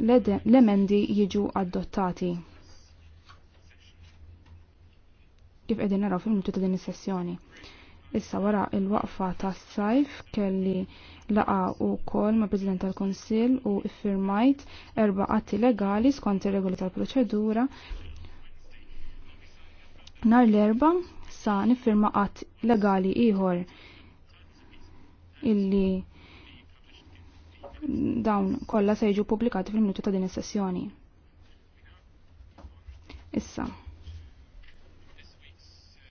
l-emendi jiġu adottati. Kif qegħdin naraw fil ta' din is-sessjoni. Issa wara il-waqfa tas sajf kelli laqa u kol ma' President tal-Konsil u iffirmajt erba atti legali skont ir-regoli tal-proċedura. Nar l-erba sa' niffirma qatt legali ieħor illi dawn kollha se jiġu pubblikati fil-minuti ta' din is-sessjoni. Issa.